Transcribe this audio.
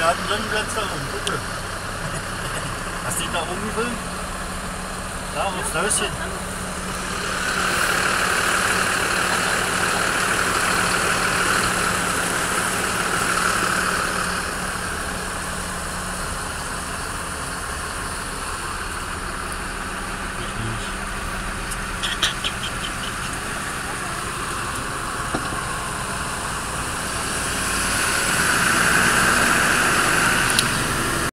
der hat einen Platz da oben, guck mal. Was steht da oben? gefüllt? Da, aufs Häuschen.